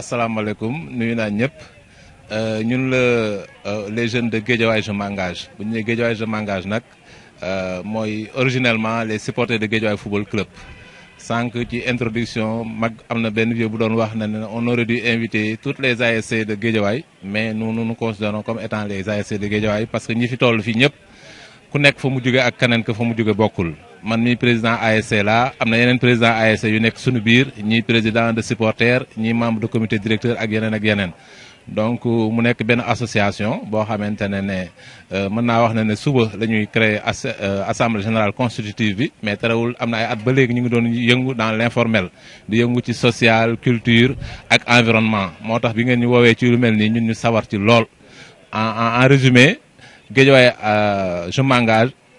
asalaamaaleykum alaikum, nous sommes ñun euh, les jeunes de Guédiawaye je m'engage bu sommes je m'engage nag euh, originellement les supporters de Guédiawaye football club Sans ci introduction mag on aurait dû inviter toutes les ASC de Guédiawaye mais nous nous considérons comme étant les ASC de Guédiawaye parce que nous sommes tous fii ñëpp ku nekk fa mu jóge ak man mi président ASC la am président ASC yu nek suñu biir ñi président de supporter ñi membre de comité directeur ak yenen ak yenen donc euh, mu nek ben association bo xamantene ne ne euh, mën wax ne ne suba lañuy créer euh, assemblée générale constitutive bi mais terewul amna ay at ba légui ñu ngi doon yëngu dans l'informel, informel di yëngu ci social culture ak environnement motax bi ngeen ñu wowe ci lu melni ñun ñu sawar ci lool en en résumé Guédiawaye je m'engage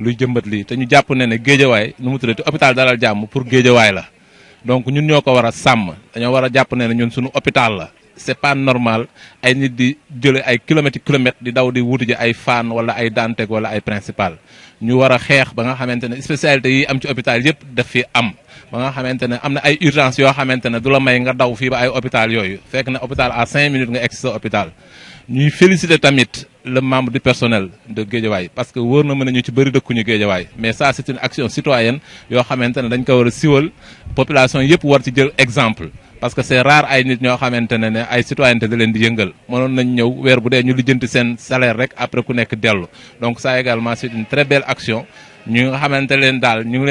luy jëmbat lii te ñu jàpp ne ne géejawaay nu mu tuddati hôpital dalal jàmm pour géejawaay la donc ñun ñoo ko war a sàmm dañoo war a jàpp ne ne ñun suñu hôpital la c'est pas normal ay nit di jële ay kilomètres kilomètres di daw di wuti ji ay Fann wala ay Dantec wala ay Principal ñu war a xeex ba nga xamante ne spécialité yi am ci hôpital yëpp daf fi am ba nga xamante ne am na ay urgence yoo xamante ne du la may nga daw fii ba ay hôpital yooyu fekk na hôpital à cinq minutes nga egg le membre du personnel de Guédiawaye parce que nous de de mais ça c'est une action citoyenne Nous avons population peut exemple parce que c'est rare ay nit ñoo ay citoyenneté di un salaire après donc ça également c'est une très belle action nous avons leen ñu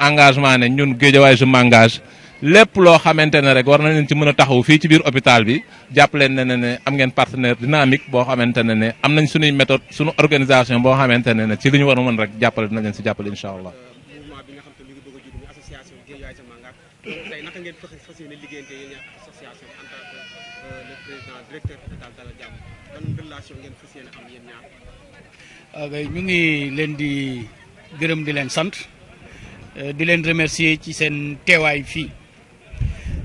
engagement je m'engage lépp loo xamante ne rek war nañ leen ci mën a taxaw fii ci biir hôpital bi jàpp leen ne ne am ngeen partenaire dynamique boo xamante ne ne am nañ suñuy méthode sunu organisation boo xamante ne ne ci lu ñu war a mën rek jàppale dinañ leen si jàppale incha allah. ñu ngi leen di gërëm di leen sant euh, di leen remercier ci seen teewaay fii.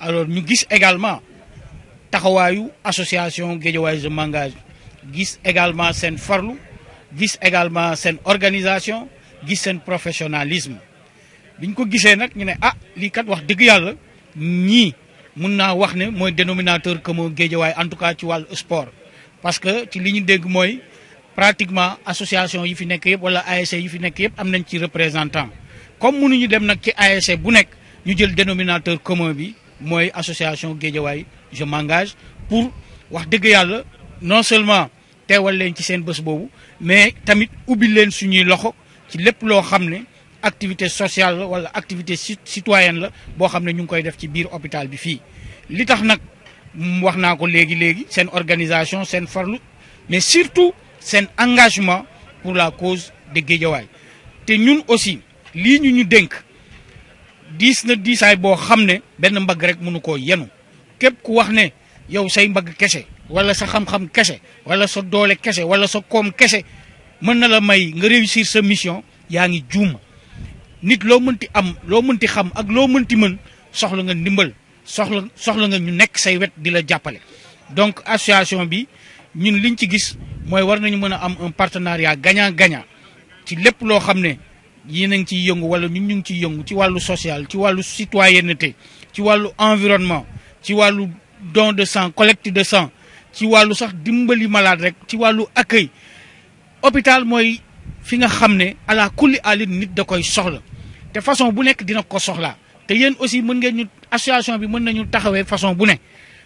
alors ñu gis également taxawaayu association Guédiawaye de m'engage gis également sen farlu gis également sen organisation gis sen professionnalisme biñ ko gisee nag ñu ne ah lii kat wax dëgg yàlla ñii mun wax ne mooy dénominateur que moo Guédiawaye en tout cas ci wàllu sport parce que ci li ñu dégg pratiquement association yi fi nekk yëpp wala ASC yi fi nekk yëpp am nañ ci représentant comme mënuñu dem nag ci ASC bu nekk ñu jël dénominateur commun bi moi, association Guédiawaye je m'engage pour wax non seulement teewal leen ci mais tamit leen loxo qui lépp activité sociale ou activité citoyenne la ñu hôpital bi li tax organisation mais surtout un engagement pour la cause de aussi ligne ñu diis na diisaay boo xam ne benn mbagg rek mënu koo yenu képp ku wax ne yow say mbagg kese wala sa xam-xam kese wala sa doole kese wala sa koom kese mën na la may nga réussir sa mission yaa ngi juum nit loo mënti am loo mënti xam ak loo mënti mën soxla nga ndimbal soxla soxla nga ñu nekk say wet di la jàppale donc association bi ñun liñ ci gis mooy war nañu mën a am un partenariat gagnant gagnant ci lépp loo xam ne yéen ci le social, yëngu wala ñun ñu ngi ciy yëngu ci wàllu social ci wàllu citoyenneté ci wàllu environnement ci wàllu don de sang collecte de sang ci wàllu sax dimbali malade rek ci wàllu accueil hôpital mooy fi nga xam ne ala kulli alin nit da koy soxla te façon bu nekk dina ko soxla te yéen aussi mën ngeen association bi mën nañu taxawee façon bu ne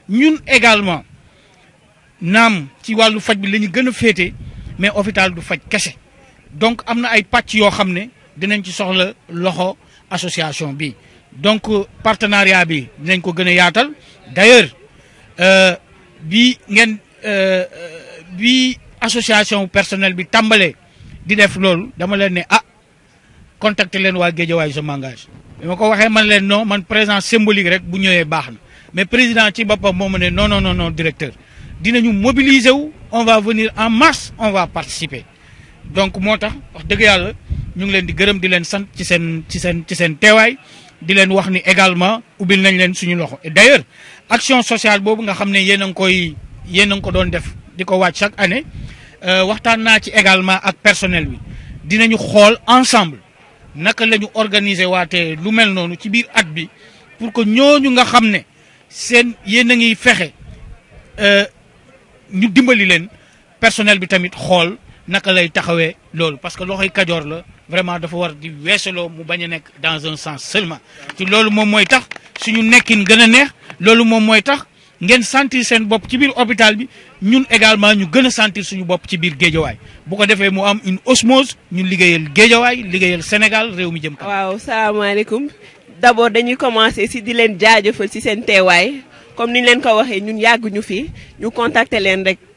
ñun également naam ci wàllu faj bi la ñu gën a mais hôpital du faj kese donc am na ay pàcc yoo xam dinañ ci soxla loxo association bi donc euh, partenariat bi dinañ ko gën yaatal d'ailleurs euh, bi ngeen euh, bi association personnel bi tambalé di def loolu dama leen né ah contacter leen waa Guédiawaye je m'engage mais ma ko waxee man leen non man présence symbolique rek bu ñëwé baax mais président ci boppam moo ma non non non non directeur dinañu mobiliser on va venir en masse on va participer donc motax wax deug yàlla ñu ngi leen di gërëm di leen sant ci seen ci seen ci seen teewaay di leen wax ni également ubbil nañ leen suñu loxo et d'ailleurs action sociale boobu nga xam ne yéen a ngi koy yéen a ngi ko doon def di ko wàcc chaque année euh, waxtaan naa ci également ak personnel bi dinañu xool ensemble naka lañu ñu organiser waatee lu mel noonu ci biir at bi pour que ñooñu nga xam ne seen yéen a ngi fexe euh, ñu dimbali leen personnel bi tamit xool naka lay taxawee loolu parce que loxoy kajoor la vraiment dafa war di weesaloo mu baña nek dans un sens seulement ci lolu mom moy tax suñu nekkin gëna neex lolu mom moy tax ngeen sentir sen bop ci bir hôpital bi ñun également ñu gëna sentir suñu bop ci bir géejawaay bu ko défé mu am une osmose ñun liggéeyal géejawaay liggéeyal Sénégal réew mi jëm kanam. waaw salaamaaleykum alaykum d'abord dañuy commencer si di leen jaajeufal ci sen téway comme niñ ñu leen ko waxé ñun yàgguñu fi ñu contacter leen rek.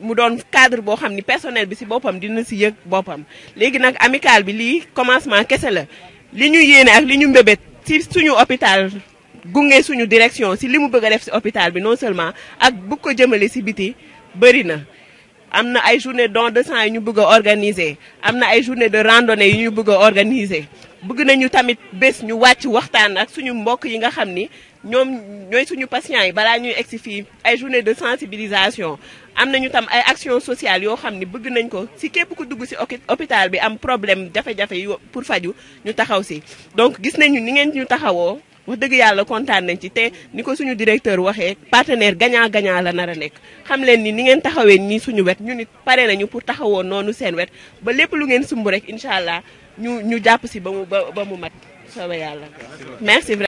mu doon cadre boo xam ni personnel bi si boppam dina si yëg boppam léegi nag amical bi lii commencement kese la li ñu yéene ak li ñu mbébét si suñu hôpital gunge suñu direction si li mu bëgg a def si hôpital bi non seulement ak bu ko jëmale si biti bëri na am na ay journée don de sang yi ñu bëgg a organiser am na ay journée de randonnée yu ñu bëgg a organiser bëgg nañu tamit bés ñu wàcc waxtaan ak suñu mbokk yi nga xam ni ñoom ñooy suñu patients yi balaa ñuy egsi fii ay journée de sensibilisation am nañu tam ay action sociale yoo xam ni bëgg nañ ko si képp ku dugg si hôpital bi am problème jafe-jafe yi pour faju ñu taxaw si donc gis nañu ni ngeen ñu taxawoo wax dëgg yàlla kontaan nañ ci te ni ko suñu directeur waxee partenaire gagnant gagnant la nar a nekk xam leen ni ni ngeen taxawee nii suñu wet ñu nit pare nañu pour taxawoo noonu seen wet ba lépp lu ngeen sumb rek incha allah ñu ñu jàpp si ba mu ba mu mat soobee yàlla merci